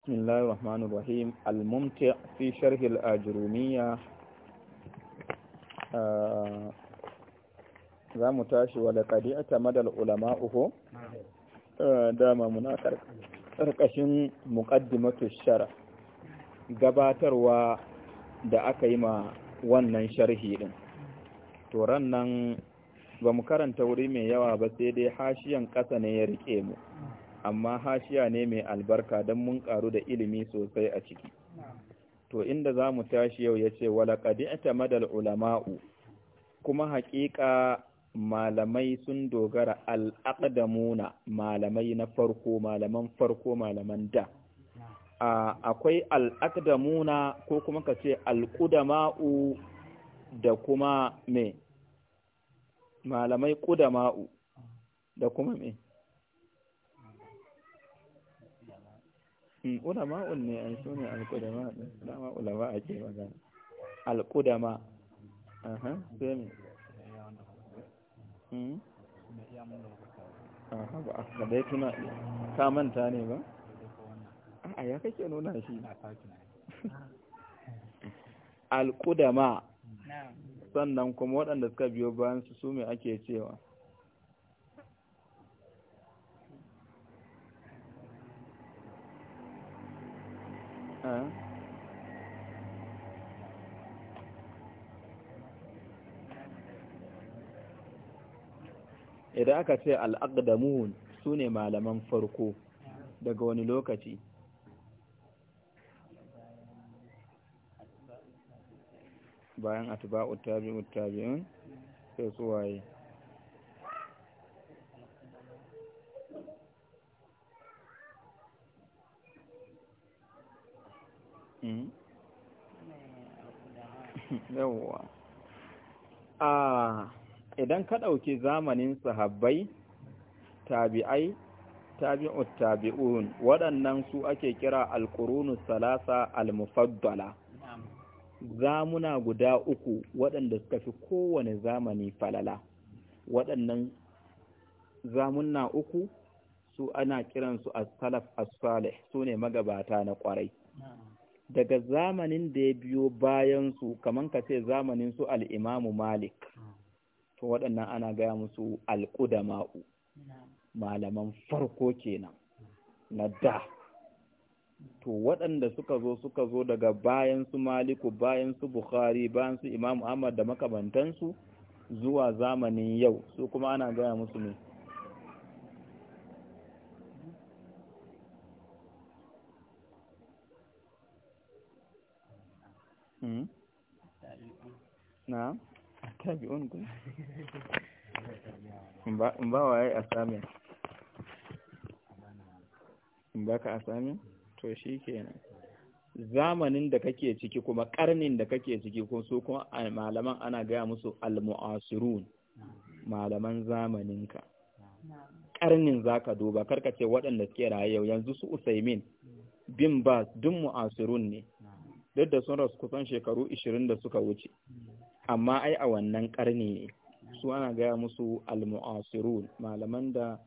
بسم الله الرحمن الرحيم الممتع في شرح الأجرومية za mu tashi wadda kadi a tamadar ulama uku ah, dama muna ƙarƙashin muƙaddimatu shara gabatarwa da aka yi ma wannan sharhi ɗin turan nan ba mu karanta wuri mai yawa ba sai dai hashiyan ƙasa ne ya riƙe mu amma hashiya ne mai albarka don mun karu da ilimi sosai a ciki to inda za mu tashi yau ya ce walaƙadi'ata madal ulama'u kuma haƙiƙa malamai sun dogara al'aƙdamuna malamai na farko malaman farko malaman da akwai al'aƙdamuna ko kuma ka ce al'udama'u da kuma me malamai ƙudama'u da kuma me Hmm. ulama ne an su ne alƙudama dama ulama a ce magana alƙudama aha sai ne hmm? aha ba a dai tuna kamanta ne ba a ya kake nuna shi alƙudama sannan kuma waɗanda suka biyo bayan su su ake cewa idan aka ce al'aqdamun su ne malaman farko daga wani lokaci bayan atiba'u tabi'ut tabi'un sai su waye Mm-hmm. yawwa a ah, idan ka ɗauki zamanin sahabbai tabi'ai tabi'ut tabi'un waɗannan su ake kira alƙurunu salasa almufaddala zamuna guda uku waɗanda suka fi kowane zamani falala waɗannan zamuna uku su ana kiransu as-salaf as-salih su magabata na ƙwarai daga zamanin da ya biyo bayan su kaman ka ce zamanin su al'imamu malik to waɗannan ana gaya musu alƙudama'u malaman farko kenan na da to waɗanda suka zo suka zo daga bayan su maliku bayan su bukhari bayan su imamu ahmad da makamantansu zuwa zamanin yau su kuma ana gaya musu ne Hmm? na tabi'un ka zamanin da kake ciki kuma karnin da kake ciki ko su kuma malaman ana gaya musu almu'asirun malaman zamaninka karnin za ka duba karkace ce waɗanda suke raye yanzu su Usaimin bin Bas dun mu'asirun ne duk da sun rasu kusan shekaru ishirin da suka wuce amma ai a wannan karni ne su ana gaya musu almu'asirun malaman da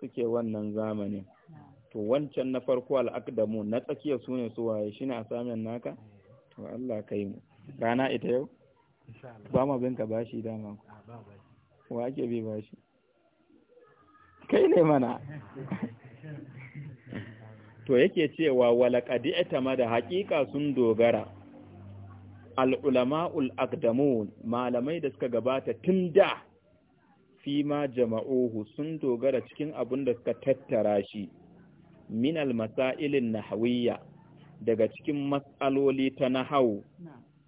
suke wannan zamani to wancan na farko al'akdamu na tsakiya su ne su waye shine asamin naka to Allah kai mu rana ita yau ba ma bin ka bashi dama wa ake bi bashi kai ne mana to yake cewa walaƙadi etama da haƙiƙa sun dogara al'ulama'ul akdamun malamai da suka gabata tun da fi ma jama'ohu sun dogara cikin abin da suka tattara shi min almasailin nahawiyya daga cikin matsaloli ta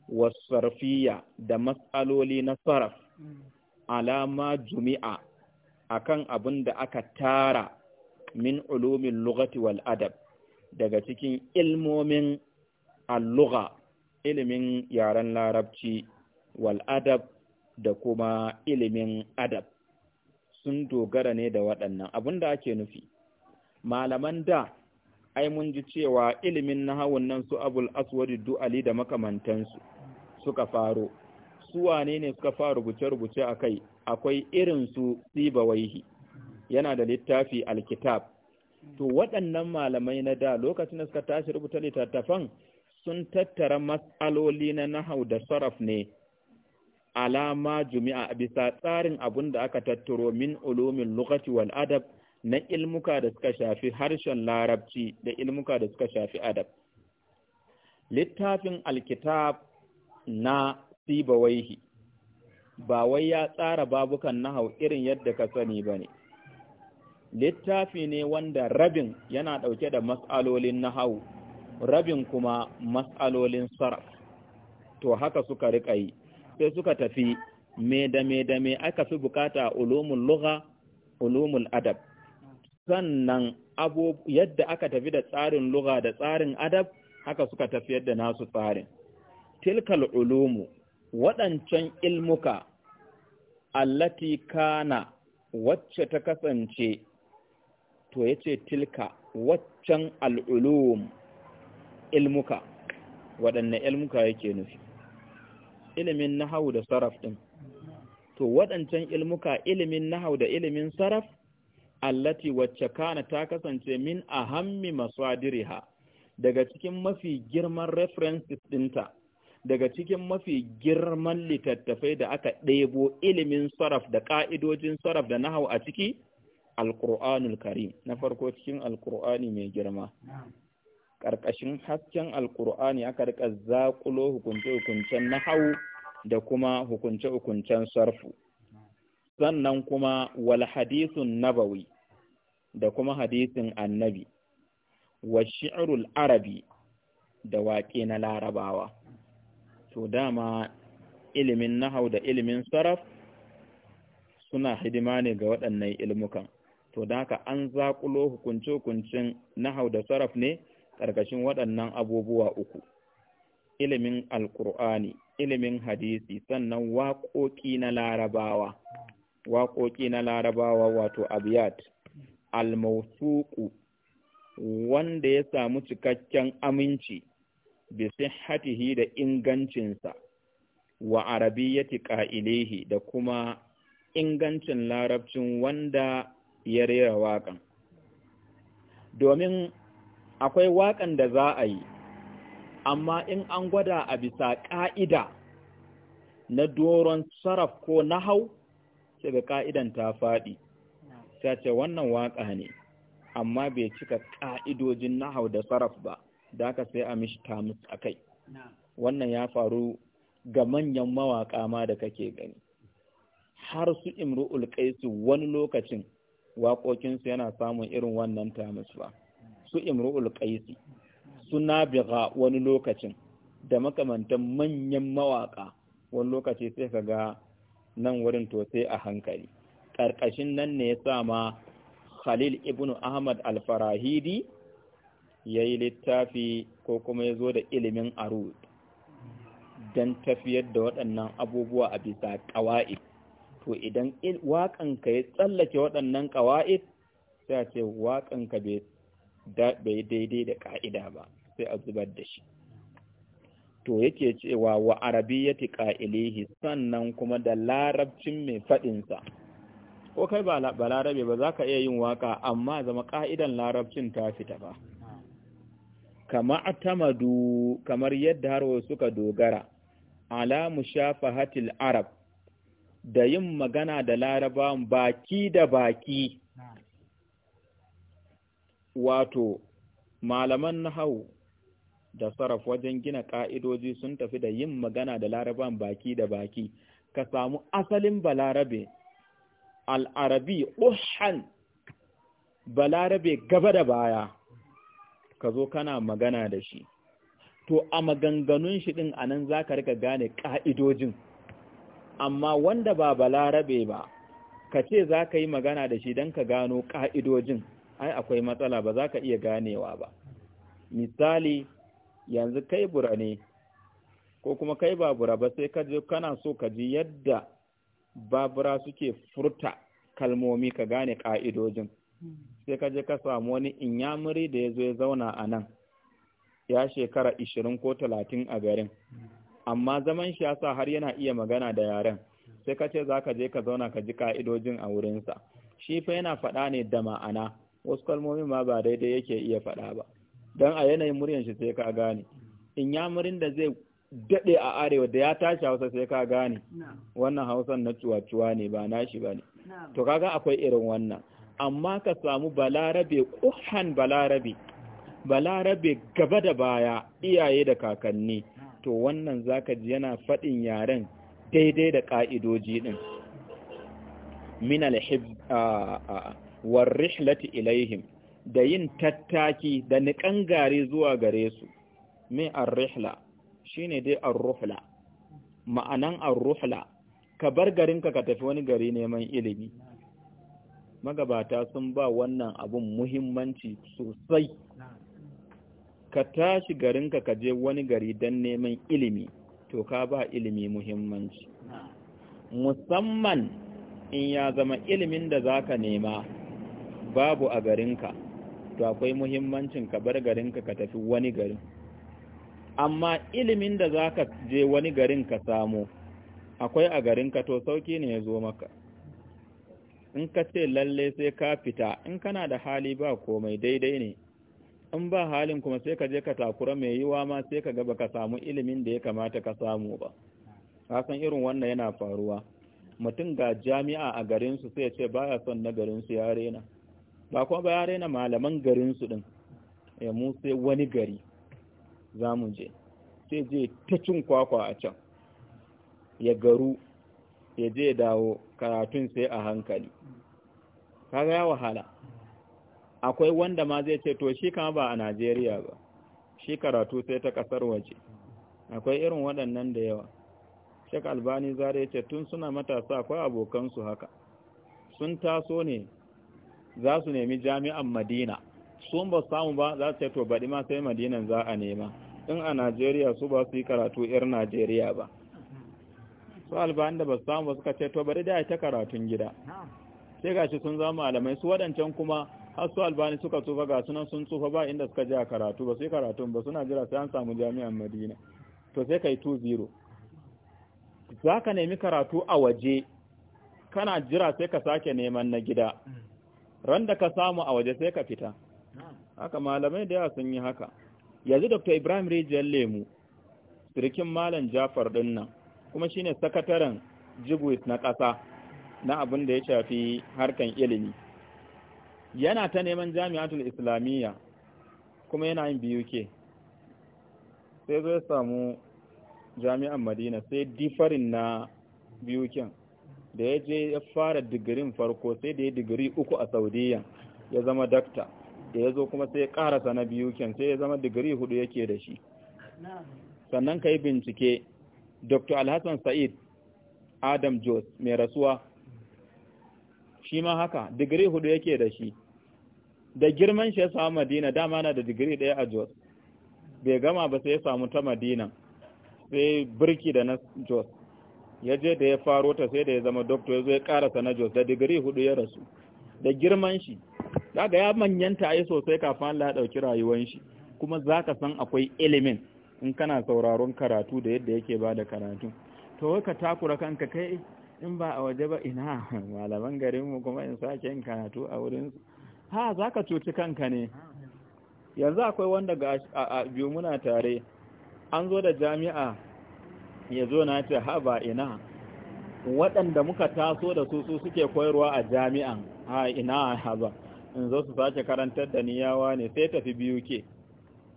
wa wasarfiya da matsaloli na saraf alama jumi'a akan abin da aka tara min ulumin lugati wal adab daga cikin ilmomin alluga ilimin yaren larabci wal'adab, da kuma ilimin adab sun dogara ne da waɗannan abin da ake nufi malaman da ai mun ji cewa ilimin na hawan nan su abul aswadi du'ali da makamantansu suka faro su wane ne suka fara rubuce-rubuce a kai akwai irin su sibawaihi yana da littafi alkitab to waɗannan malamai na da lokacin da suka tashi rubuta littattafan sun tattara matsaloli na nahau da saraf ne alama jumi'a bisa tsarin abun da aka tattaro min ulumin lokaci wal adab na ilmuka da suka shafi harshen larabci da ilmuka da suka shafi adab littafin alkitab na sibawaihi ba wai ya tsara babukan nahau irin yadda ka sani ba ne littafi ne wanda rabin yana ɗauke da mas'alolin nahawu rabin kuma mas'alolin sarraf to haka suka riƙa yi sai suka tafi me da me da me aka fi bukata ulumul lugha ulumul adab sannan yadda aka tafi da tsarin lugha da tsarin adab haka suka tafi da nasu tsarin tilkal ulumu waɗancan ilmuka allati kana wacce ta kasance to ya ce tilka waccan al'ulum ilmuka waɗanne ilmuka yake nufi ilimin nahau da saraf ɗin to waɗancan ilmuka ilimin nahau da ilimin saraf allati wacce kana ta kasance min a masu masadiriha daga cikin mafi girman references ɗinta daga cikin mafi girman littattafai da aka ɗebo ilimin saraf da ƙa'idojin saraf da nahau a ciki alƙur'anul karim na farko cikin alƙur'ani mai girma ƙarƙashin hasken alƙur'ani aka rika zaƙulo hukunce-hukuncen na hau da kuma hukunce-hukuncen sarfu sannan kuma wal hadisun nabawi da kuma hadisin annabi wa shi'rul arabi da waƙe na larabawa to dama ilimin nahau da ilimin saraf suna hidima ne ga waɗannan ilmukan to da haka an zaƙulo hukunce na nahau da saraf ne ƙarƙashin waɗannan abubuwa uku ilimin Alƙur'ani, ilimin hadisi sannan waƙoƙi na larabawa waƙoƙi na larabawa wato abiyat almausuku wanda ya samu cikakken aminci bi sihhatihi da ingancinsa wa arabiyyati qa'ilihi da kuma ingancin larabcin wanda ya rera waƙan domin akwai waƙan da za a yi amma in an gwada a bisa ƙa'ida na doron saraf ko nahau sai ga ƙa'idan ta faɗi ta ce wannan waƙa ne amma bai cika ƙa'idojin na hau da saraf ba da aka sai a mishi tamus a kai wannan ya faru ga manyan mawaƙa ma da kake gani har su imru ulƙaisu wani lokacin waƙoƙinsu yana samun irin wannan ba. su imru'ul qaisi su nabiga wani lokacin da makamantan manyan mawaƙa wani lokaci sai ka ga nan wurin to sai a hankali ƙarƙashin nan ne ya sa ma Khalil ibn Ahmad al-Farahidi ya yi littafi ko kuma ya zo da ilimin arud don tafiyar da waɗannan abubuwa a bisa ƙawa'id to idan waƙanka ya tsallake waɗannan ƙawa'id sai a ce waƙanka bai daidai da ƙa'ida ba sai a zubar da shi to yake cewa wa arabiyyati ƙa’ilihi sannan kuma da larabcin mai faɗinsa ko kai ba larabe ba za ka iya yin waƙa, amma zama ƙa'idan larabcin ta fita ba kama kamar yadda har suka dogara ala mushafahatil arab da yin magana da laraba baki da baki wato malaman nahau da saraf wajen gina ka'idoji sun tafi da yin magana da laraban baki da baki ka samu asalin balarabe al'arabi ushan balarabe gaba da baya ka zo kana magana da shi to a maganganun shi ɗin anan zaka rika gane ƙa'idojin amma wanda ba balarabe ba ka ce za ka yi magana da shi don ka gano ƙa'idojin ai akwai matsala ba za ka iya ganewa ba misali yanzu kai bura ne ko kuma kai babura ba sai ka je kana so ka ji yadda babura suke furta kalmomi ka gane ƙa'idojin sai ka je ka samu wani inyamuri da ya zo ya zauna a nan ya shekara 20 ko talatin a garin amma zaman shi ya sa har yana iya magana da yaren sai ka ce za ka je ka zauna ka ji ka'idojin a wurinsa shi fa yana faɗa ne da ma'ana wasu kalmomin ma ba daidai yake iya faɗa ba don a yanayin muryan shi sai ka gane in murin da zai daɗe a arewa da ya tashi hausa sai ka gane wannan hausan na cuwacuwa ne ba nashi ba ne to kaga akwai irin wannan amma ka samu balarabe kuhan balarabe balarabe gaba da baya iyaye da kakanni to wannan zaka ji yana faɗin yaren daidai da ƙa'idoji ɗin min alhib rihlati ilaihim da yin tattaki da niƙan gari zuwa gare su min arrihla shi shine dai ar ma'anan ar ka bar garinka ka tafi wani gari neman ilimi magabata sun ba wannan abun muhimmanci sosai ka tashi garinka ka je wani gari don neman ilimi to ka ba ilimi muhimmanci musamman in ya zama ilimin da za ka nema babu a garinka to akwai muhimmancin ka bar garinka ka tafi wani garin amma ilimin da za ka je wani garin ka samu akwai a garinka to sauki ne ya zo maka in ka ce lalle sai ka fita in kana da hali ba komai daidai ne in ba halin kuma sai ka je ka takura mai yiwa ma sai ka gaba ka samu ilimin da ya kamata ka samu ba kasan irin wannan yana faruwa mutum ga jami'a a garinsu sai ya ce ya son na garinsu ya rena ba kuma ba ya rena malaman garinsu din ya eh, mu sai wani gari za mu je sai je ta cin kwakwa a can ya garu ya je dawo karatun sai a hankali kaga ya wahala akwai wanda ma zai ce to shi kama ba a Najeriya ba shi karatu sai ta kasar waje akwai irin waɗannan da yawa Sheikh Albani zare ce tun suna matasa akwai abokansu haka sun taso ne za su nemi jami'an Madina sun ba samu ba za su ce to baɗi ma sai Madinan za a nema in a Najeriya su ba su yi karatu ir Najeriya ba su albani da ba su samu ba suka ce to bari da ya ta karatun gida sai gashi sun zama malamai su waɗancan kuma har su albani suka tsufa ga sunan sun tsufa ba inda suka a karatu ba sai karatu ba suna jira sai an samu jami'an madina to sai kai 2-0 za ka nemi karatu a waje kana jira sai ka sake neman na gida ran da ka samu a waje sai ka fita haka malamai da yawa sun yi haka yanzu dr ibrahim rijiyar lemu Sirkin malam jafar din nan kuma shine sakataren jibwis na ƙasa na abin da ya shafi harkan ilimi yana ta neman jami'atul islamiyya kuma yana yin biyu ke sai zai samu jami'an madina sai difarin na biyu da ya je ya fara digirin farko sai da ya digiri uku a saudiya ya zama dakta da ya zo kuma sai ya karasa na biyu kyan sai ya zama digiri hudu yake da shi sannan ka yi bincike dr alhassan sa'id adam jos mai rasuwa shi ma haka digiri hudu yake da shi da girman shi ya samu madina dama na da digiri ɗaya a jos bai gama ba sai ya samu ta madina sai birki da na jos ya je da ya faro ta sai da ya zama doktor ya zo ya karasa na jos da digiri hudu ya rasu da girman shi daga ya manyanta ai sosai kafin Allah ya dauki rayuwar shi kuma za ka san akwai ilimin in kana sauraron karatu da yadda yake bada karatu to ka takura kanka kai in ba a waje ba ina malaman garinmu kuma in sake yin karatu a wurin ha za ka cuci kanka ne yanzu akwai wanda ga a biyu muna tare an zo da jami'a ya zo na ce "Ha, ba ina waɗanda muka taso da su su suke koyarwa a jami'an ha ina ba in zo su sake karantar da niyawa ne sai tafi biyu ke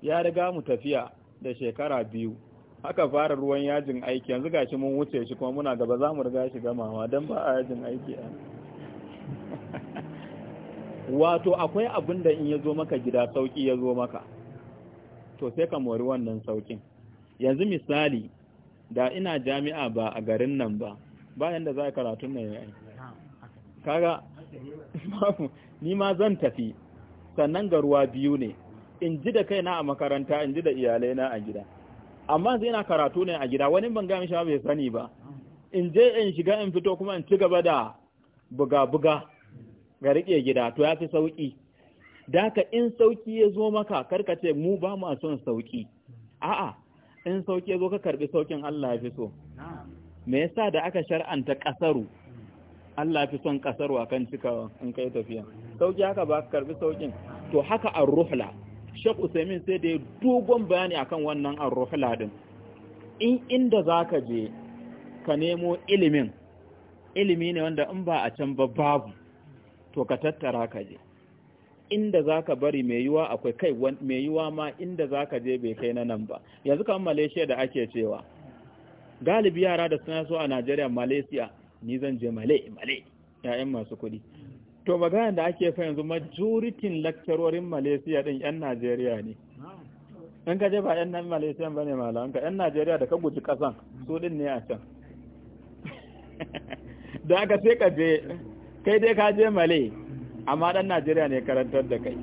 ya riga mu tafiya da shekara biyu Haka fara ruwan yajin aiki yanzu gashi mun wuce shi kuma muna gaba za mu riga shi gamawa don ba a yajin aiki a wato akwai abin da in ya zo maka gida sauki ya zo maka to sai ka mori wannan saukin yanzu misali da ina jami'a ba a garin nan ba bayan da za a karatun nan yayi kaga ni ma zan tafi sannan garuwa biyu ne in ji da kaina a makaranta in ji da iyalaina a gida amma zai na karatu ne a gida wani ban gami shi bai sani ba in je in shiga in fito kuma in ci gaba da buga-buga ga riƙe gida to ya fi sauƙi daka in sauƙi ya zo maka karka ce mu ba mu son sauƙi a'a in sauƙi ya zo ka karɓi sauƙin Allah ya fi so me yasa da aka shar'anta ƙasaru Allah fi son ƙasaru akan cikawa in kai tafiya sauƙi haka ba ka karɓi sauƙin to haka ar-ruhla Sheikh Usaimin sai da dogon bayani akan wannan ar-ruhla din in inda zaka je ka nemo ilimin ilimi ne wanda in ba a can ba babu to ka tattara ka je inda za ka bari mai yiwa akwai kai mai yiwa ma inda za ka je bai kai na nan ba yanzu kan malaysia da ake cewa galibi yara da suna so a najeriya malaysia ni zan je male male ya'yan masu kuɗi to magana da ake fa yanzu majoritin lakcarorin malaysia din yan najeriya ne in ka je ba yan nan malaysia ba ne malamanka yan najeriya da ka guji kasan su din ne a can da aka sai ka je kai dai ka je male amma dan najeriya ne karantar da kai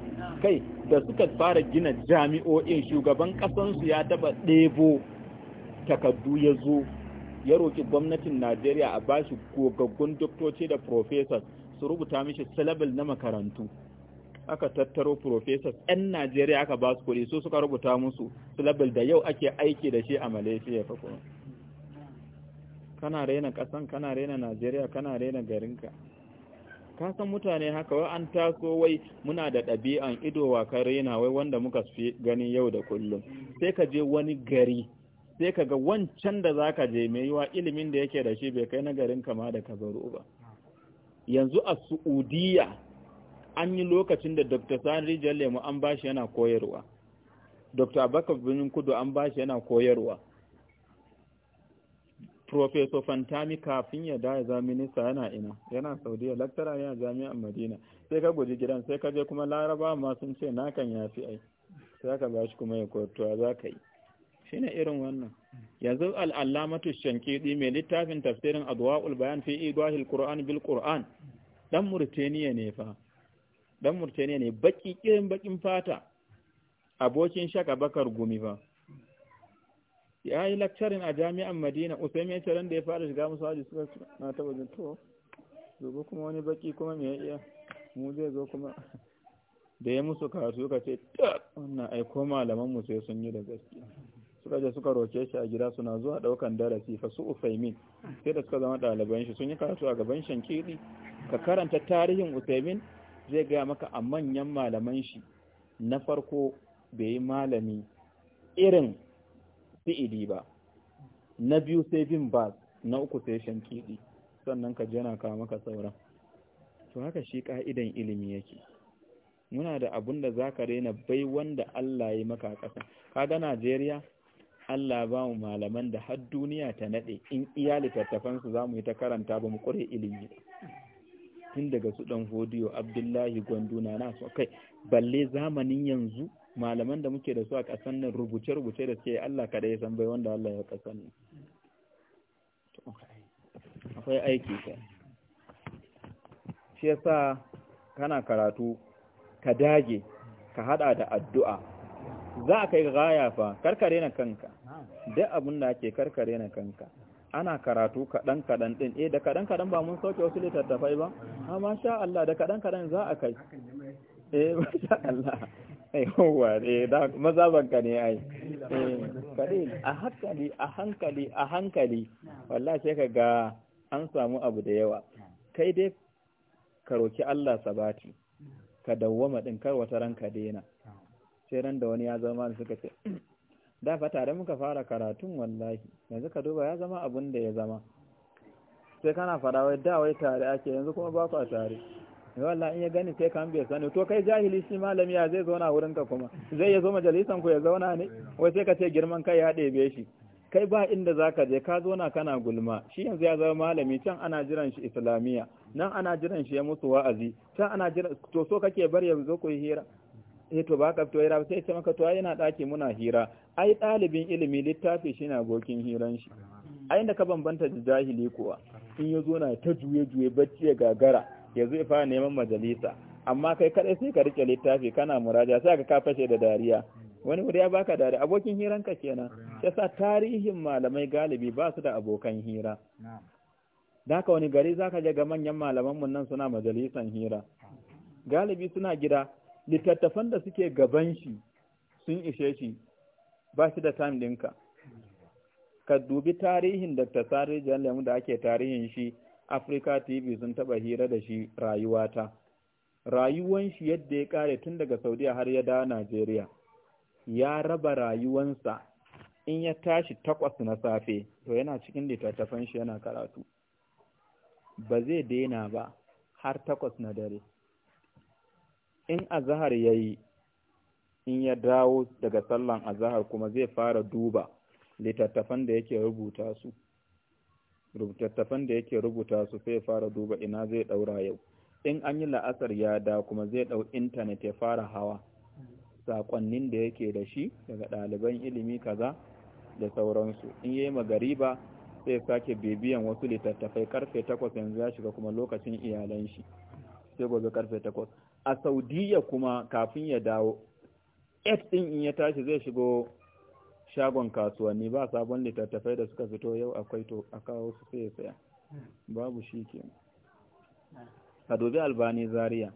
kai da suka fara gina jami'o'in shugaban kasansu ya taba ɗebo takardu ya zo ya roƙi gwamnatin najeriya a bashi gogaggun doktoci da professors su rubuta mishi syllable na makarantu aka tattaro professors 'yan najeriya aka ba su kuɗi su suka rubuta musu syllable da yau ake aiki da shi a malaysia fa kuma kana raina kasan kana raina najeriya kana raina garinka ka san mutane haka wai an taso wai muna da ɗabi'an ido wa karena wai wanda muka fi gani yau da kullum sai ka je wani gari sai ka ga wancan da zaka je mai yiwa ilimin da yake da shi bai kai na garin kama da kabaru ba yanzu a su'udiya an yi lokacin da dr sani jalemu an bashi yana koyarwa dr abakar birnin kudu an bashi yana koyarwa Profesor Fantami kafin ya da ya minista yana ina, yana Saudiya, laktara yana a jami'ar Madina. Sai ka guji gidan, sai ka je kuma Laraba ma sun ce nakan ya fi ai. Sai ka ba shi kuma ya kotuwa za ka yi. Shi ne irin wannan. Yanzu al'allamatu shankidi mai littafin tafsirin adwa'ul bayan fi idwahil Qur'an bil Qur'an. Dan Murtaniya ne fa. bakin fata. Abokin shaka bakar gumi fa. ya yi lakcarin a jami'an madina usaimi ya ce ran da ya fara shiga musu haji suka na taba to zobe kuma wani baki kuma me iya mu zai zo kuma da ya musu karatu suka ce ta wannan aiko malaman musu sai sun yi da gaske suka je suka roke shi a gida suna zuwa daukan darasi fa su usaimin sai da suka zama ɗaliban shi sun yi karatu a gaban shankiri ka karanta tarihin usaimin zai gaya maka a manyan malaman shi na farko bai yi malami irin fi'ili ba na biyu sai bin ba na uku sai shankidi sannan ka jana ka maka sauran to haka shi ka'idan ilimi yake muna da abun da zaka rena bai wanda Allah ya maka kasa kaga Najeriya Allah ba mu malaman da har duniya ta nade in iyali tattafan su zamu yi ta karanta ba mu kure ilimi tun daga su dan hodiyo Abdullahi Gwanduna na so kai balle zamanin yanzu malaman da muke da su a ƙasan nan rubuce-rubuce da suke Allah kada ya san bai wanda Allah ya ƙasan nan akwai aiki ka shi yasa kana karatu ka dage ka hada da addu'a za a kai gaya fa karkare na kanka duk abin da ake karkare na kanka ana karatu kaɗan-kaɗan ɗin eh da kaɗan-kaɗan ba mun sauke wasu littattafai ba amma ah, sha Allah da kaɗan-kaɗan za a kai eh masha Allah yawwa ne banka ne ai eh, a hankali a hankali a hankali wallahi ka ga an samu abu da yawa kai dai ka roki Allah sabati ka dawwama din kar wata ranka daina sai ran da wani ya zama suka ce hmm, da fa tare muka fara karatun wallahi yanzu ka duba ya zama abun da ya zama sai kana fara wai da wai tare ake yanzu kuma ba ku tare Eh, wallahi in ya gani sai kan bai sani to kai jahili shi malami ya zai zauna wurin ka kuma zai ya zo majalisan ku ya zauna ne wai sai ka ce girman kai ya ɗebe shi kai ba inda zaka je ka zauna kana gulma shi yanzu ya zama malami can ana jiran shi islamiya nan ana jiran shi ya musu wa'azi can ana jiran to so kake bar ya zo ku hira eh to ba ka hira sai ce maka to yana daki muna hira ai ɗalibin ilimi littafi shi na gokin hiran shi ai inda ka bambanta da jahili kuwa in ya zo na ta juye juye bacci ya gagara ya yanzu fara neman majalisa amma kai kadai sai ka rike littafi kana muraja sai ka fashe da dariya wani wuri ya baka dariya abokin hiran ka kenan sa tarihin malamai galibi ba su da abokan hira da haka wani gari zaka je ga manyan malaman mun nan suna majalisan hira galibi suna gida littattafan da suke gaban shi sun ishe shi ba shi da time dinka ka dubi tarihin Dr. Sari Jan Lemu da ake tarihin shi Africa TV sun taɓa hira da shi rayuwata. Rayuwan shi yadda ya ƙare tun daga Saudiya har ya dawo Najeriya, ya raba rayuwansa in ya tashi takwas na safe, to yana cikin littattafan shi yana karatu. Ba zai daina ba har takwas na dare. In azahar ya yi, in ya dawo daga sallan azahar kuma zai fara duba littattafan da yake rubuta su. rubutattafan da yake rubuta su sai fara duba ina zai ɗaura yau in an yi la'asar ya da kuma zai ɗau intanet ya fara hawa saƙonnin da yake da shi daga ɗaliban ilimi kaza da sauransu in yayi magariba sai sake bibiyan wasu littattafai karfe takwas yanzu ya shiga kuma lokacin iyalan shi sai gobe karfe takwas a saudiya kuma kafin ya dawo ɗin din in ya tashi zai shigo shagon kasuwanni ba sabon littattafai da suka fito yau akwai to a kawo su sai saya hmm. babu shi ke hmm. a dubi albani zaria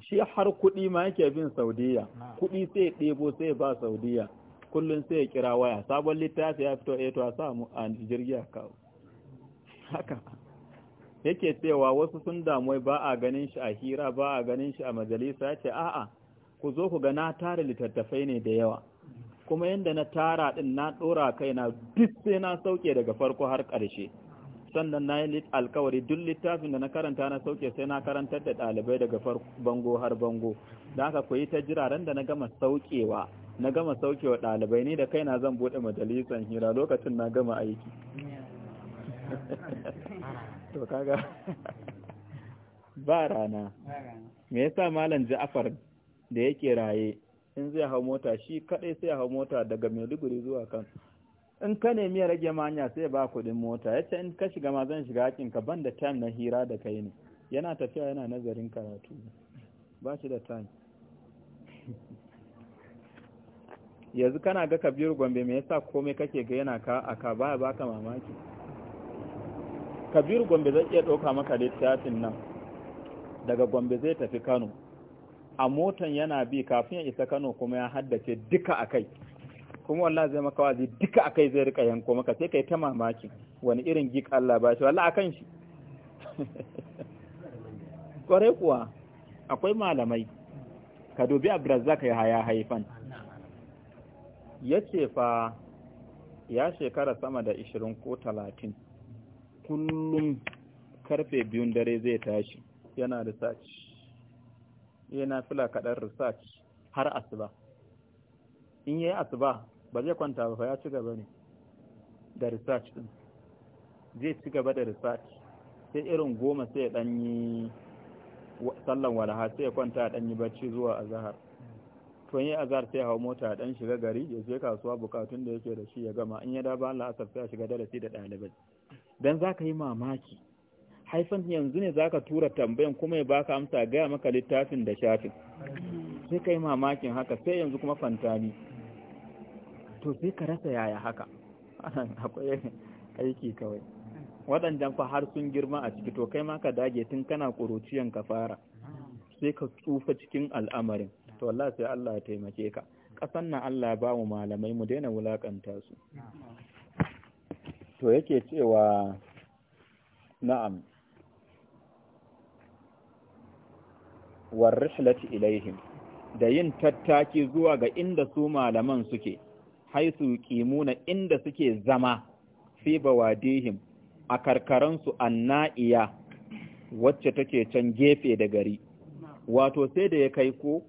shi har kuɗi ma yake bin saudiya hmm. kuɗi sai ɗebo sai ba saudiya kullum sai ya kira waya sabon littafi ya fito eto eh, a samu a jirgi a kawo haka yake cewa wasu sun damuwa ba a ganin shi a hira ba a ganin shi a majalisa ya ce a'a ku zo ku ga na tara littattafai ne da yawa kuma yadda na tara din na dora kaina duk sai na sauke daga farko har ƙarshe sannan na yi alkawari duk littafin da na karanta na sauke sai na karantar da ɗalibai daga bango har bango da aka koyi ta jiraren da na gama saukewa na gama saukewa ɗalibai ne da kaina zan buɗe majalisan hira lokacin na gama aiki ba rana me yasa malam ja'far da yake raye in zai hau mota shi kadai sai hau mota daga maiduguri zuwa kan in ka nemi ya rage manya sai ba kuɗin mota ya ce in ka shiga ma zan shiga hakin ka banda time na hira da kai ne yana tafiya yana nazarin karatu ba shi da time yanzu kana ga kabiru gombe me yasa komai kake ga yana ka aka baya baka mamaki kabiru gombe zai iya ɗauka maka littafin nan daga gombe zai tafi kano a motan yana bi kafin ya isa Kano kuma ya haddace duka akai kuma wallah zai maka wazi duka akai zai rika yanko maka sai kai ta mamaki wani irin gik Allah ba shi a akan shi kware kuwa akwai malamai ka dubi Abdurrazzaq yi haya haifan Ya ce fa ya shekara sama da 20 ko 30 kullum karfe biyun dare zai tashi yana da sace ya na fila kaɗan research har asuba in ya yi asuba ba zai kwanta ba ya ci gaba ne da research ɗin zai ci gaba da research sai irin goma sai ya ɗanyi sallan walaha sai ya kwanta a yi bacci zuwa azahar tun yi azahar sai hau mota a ɗan shiga gari ya je kasuwa bukatun da yake da shi ya gama in ya da ba Allah asar sai a shiga darasi da ɗalibai dan za ka yi mamaki haifan yanzu ne zaka tura tambayan kuma ya baka amsa gaya maka littafin da shafin sai kai mamakin haka sai yanzu kuma fantani to sai ka rasa yaya haka akwai aiki kawai waɗanda fa har sun girma a ciki to kai ma ka dage tun kana ƙuruciyan ka fara sai ka tsufa cikin al'amarin to Allah sai Allah ya taimake ka ƙasan nan Allah ya ba mu malamai mu daina wulakanta su to yake cewa na'am war rihlati ilaihim da yin tattaki zuwa ga inda su malaman suke haisu kimuna inda suke zama fi bawadihim a karkaransu anna'iya wacce take can gefe da gari wato sai da ya kai ko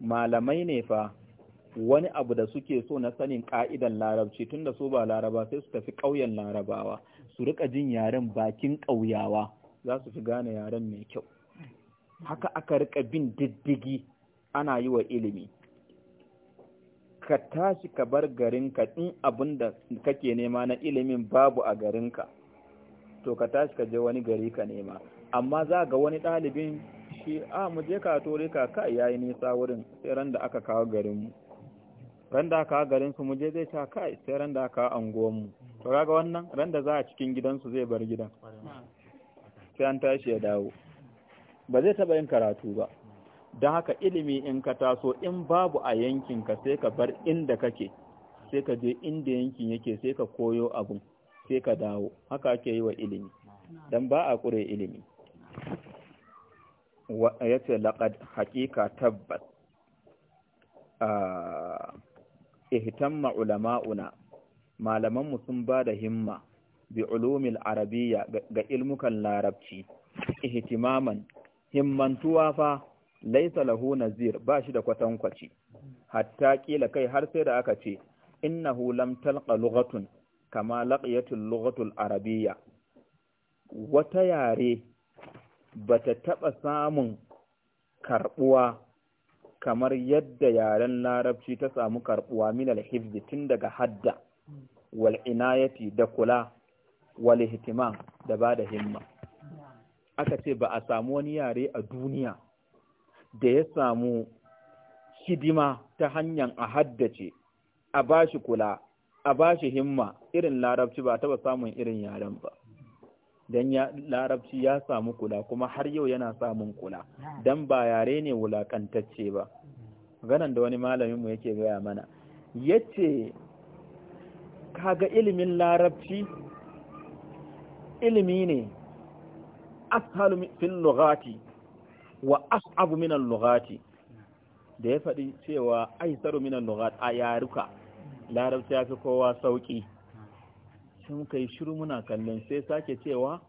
malamai ne fa wani abu da suke so na sanin ka'idan larabci tunda su ba laraba sai su tafi ƙauyen larabawa su rika jin yaren bakin ƙauyawa za su fi gane yaren mai kyau haka aka rika bin diddigi ana yi wa ilimi ka tashi ka bar garinka in abin da kake nema na ilimin babu a garinka to ka tashi ka je wani gari ka nema amma za ga wani ɗalibin shi a mu je tore ka yayi nisa wurin sai ran da aka kawo garinmu ran da aka garin su muje zai ta kai sai ran da aka kawo mu to kaga wannan ran da za a cikin gidansu zai bar gidan sai an tashi ya dawo ba zai taɓa yin karatu ba don haka ilimi in ka taso in babu a yankin ka sai ka bar inda kake sai ka je inda yankin yake sai ka koyo abun sai ka dawo haka ake yi wa ilimi don ba a ƙure ilimi ya ce laƙad haƙiƙa tabbas ihitan ma'ulama'una malamanmu sun ba da himma bi ulumil arabiya ga ilmukan larabci ihitimaman. himmantuwa fa laisa lahu nazir ba shi da kwatankwaci hatta kila kai har sai da aka ce innahu lam talqa lughatun kama laqiyatul lughatul arabiyya wata yare bata taba samun karbuwa kamar yadda yaren larabci ta samu karbuwa min alhifzi tun daga hadda wal inayati da kula wal ihtimam da bada himma aka ce ba a samu wani yare a duniya da ya samu hidima ta hanyar a haddace a ba shi kula a ba shi himma irin larabci ba taba samun irin yaren ba don larabci ya samu kula kuma har yau yana samun kula don ba yare ne wulakantacce ba Ganin da wani malaminmu yake gaya mana Ya yace ga ilimin larabci ilimi ne ashalu fil lughati wa as'abu min al lughati da ya faɗi cewa aisaru min al lughat a yaruka larabci yafi kowa sauki sai muka yi shiru muna kallon sai sake cewa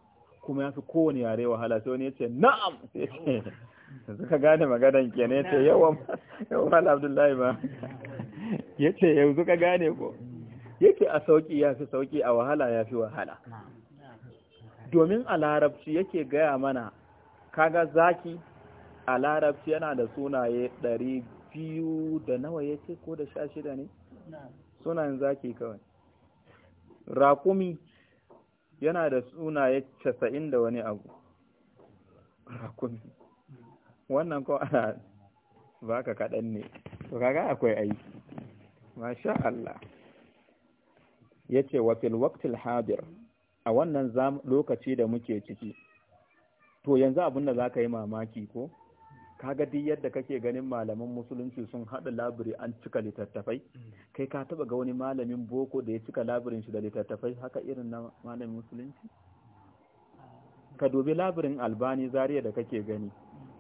kuma yafi kowane yare wahala sai wani yace na'am sai ka gane maganan kenan yace yawa yawan Abdullahi ba yace yanzu ka gane ko yake a sauki ya fi sauki a wahala ya fi wahala domin a larabci yake gaya mana kaga zaki a larabci yana da sunaye ɗari biyu da nawa ya ce ko da sha shida ne? sunayen zaki kawai rakumi yana da sunaye casa'in da wani abu rakumi wannan ko ana ba ka kaɗan ne to kaga akwai aiki masha Allah ya ce wa fil waqtil hadir a wannan lokaci da muke ciki to yanzu abin da za ka yi mamaki ko kaga duk yadda kake ganin malaman musulunci sun haɗa labiri an cika littattafai mm. kai ka taba ga wani malamin boko da ya cika labirin shi da littattafai haka irin na malamin musulunci ah. ka dubi labirin albani zariya da kake gani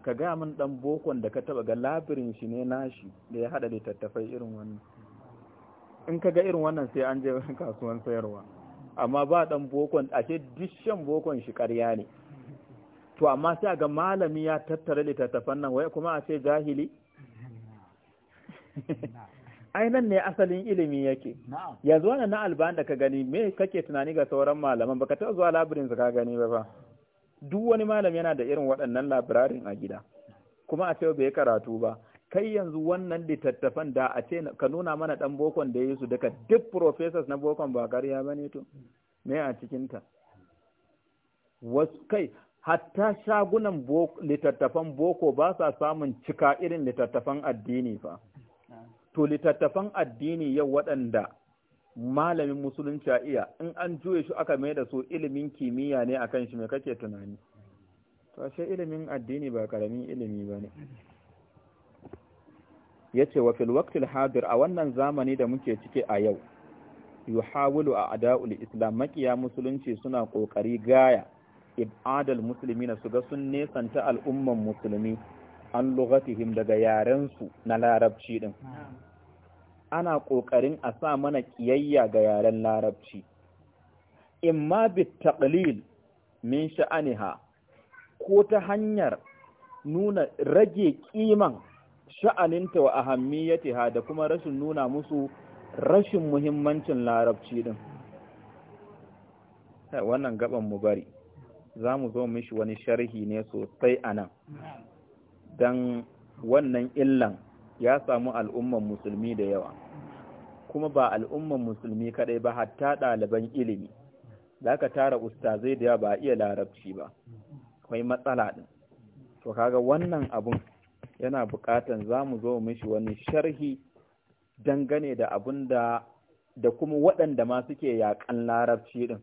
ka ga min dan bokon da ka taba ga labirin shi ne nashi da ya haɗa littattafai irin wannan in ka ga irin wannan sai an je kasuwan sayarwa amma ba dan bokon ashe dishan bokon shi ƙarya ne to amma sai ga malami ya tattara littattafan nan wai kuma a jahili ai nan ne asalin ilimi yake yanzu wannan na alban da ka gani me kake tunani ga sauran malaman baka taɓa zuwa labirin ka gani ba duk wani malami yana da irin waɗannan labirarin a gida kuma a ce bai karatu ba kai yanzu wannan litattafan da a ce ka nuna mana ɗan bokon da yi su daga duk professors na bokon ba ƙarya ba ne to me a cikinta wasu kai hatta shagunan litattafan boko ba sa samun cika irin litattafan addini fa to litattafan addini yau waɗanda malamin musulunci a iya in an juye shi aka mai da su ilimin kimiyya ne akan shi me kake tunani to ashe ilimin addini ba karamin ilimi ba ne ya ce wa filwaktil hadir a wannan zamani da muke ciki a yau hawulu a ada'ul islam makiya musulunci suna ƙoƙari gaya ibadal musulmi na su ga sun nesanta al'umman musulmi an lugatihim daga yarensu na larabci din ana ƙoƙarin a sa mana ƙiyayya ga yaren larabci In ma imma bitaqlil min sha'aniha ko ta hanyar nuna rage kiman sha'aninta wa ha da kuma rashin nuna musu rashin muhimmancin larabci din wannan gaban mu bari za mu zo mishi wani sharhi ne sosai a nan don wannan illan ya samu al'umman musulmi da yawa kuma ba al'umman musulmi kadai ba hatta ɗaliban ilimi da aka tara ustazai da yawa ba a iya larabci ba akwai matsala ɗin to kaga wannan abun yana buƙatan za mu zo mishi wani sharhi dangane da abin da kuma waɗanda ma suke yaƙan larabci ɗin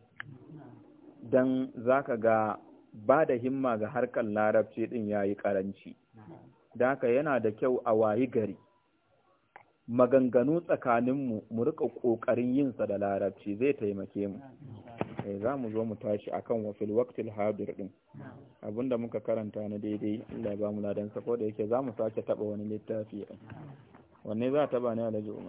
don za ka ga ba da himma ga harkar larabci ɗin ya yi ƙaranci da haka yana da kyau a wayi gari maganganu tsakaninmu mu riƙa ƙoƙarin yinsa da larabci zai taimake mu Eh, za mu zo mu tashi akan fil waqtil hadir din abinda muka karanta na daidai Allah ba mu ladan sako da yake za mu sake taba wani littafi wanne za ta ba ne alhaji umar